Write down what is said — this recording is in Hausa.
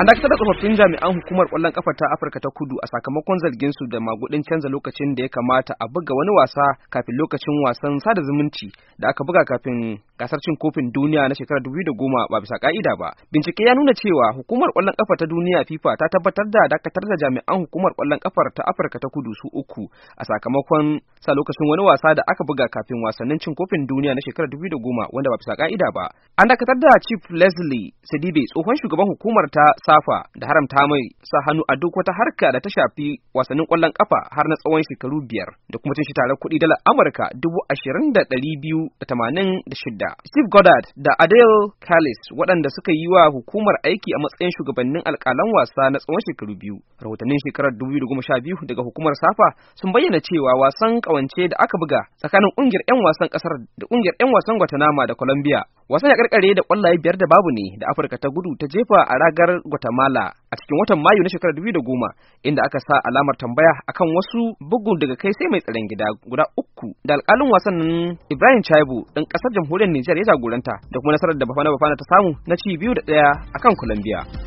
An dakatar da tsofaffin jami'an hukumar ƙwallon ƙafa ta Afirka ta Kudu a sakamakon zargin su da magudin canza lokacin da ya kamata a buga wani wasa kafin lokacin wasan sada zumunci da aka buga kafin gasar cin kofin duniya na shekarar 2010 ba bisa ka'ida ba. Bincike ya nuna cewa hukumar ƙwallon ƙafa ta duniya FIFA ta tabbatar da dakatar da jami'an hukumar ƙwallon ƙafar ta Afirka ta Kudu su uku a sakamakon sa lokacin wani wasa da aka buga kafin wasannin cin kofin duniya na shekarar 2010 wanda ba bisa ka'ida ba. An dakatar da Chief Leslie Sidibe tsohon shugaban hukumar ta safa da haramta mai sa hannu a duk wata harka da ta shafi wasannin ƙwallon ƙafa har na tsawon shekaru biyar da kuma cin shi tare kuɗi dala Amurka dubu ashirin da ɗari biyu da tamanin da shida. Steve Goddard da Adele Callis waɗanda suka yi wa hukumar aiki a matsayin shugabannin alƙalan wasa na tsawon shekaru biyu. Rahotannin shekarar dubu da goma sha biyu daga hukumar safa sun bayyana cewa wasan ƙawance da aka buga tsakanin ƙungiyar 'yan wasan ƙasar da ƙungiyar 'yan wasan Guatemala da Colombia wasan ya karkare da kwallaye biyar da babu ne da afirka ta gudu ta jefa a ragar guatemala a cikin watan mayu na shekarar dubu da goma inda aka sa alamar tambaya akan wasu bugun daga kai sai mai tsaron gida guda uku da alkalin wasan nan ibrahim chaibu ɗan ƙasar jamhuriyar nijar ya jagoranta da kuma nasarar da bafana bafana ta samu na ci biyu da ɗaya akan colombia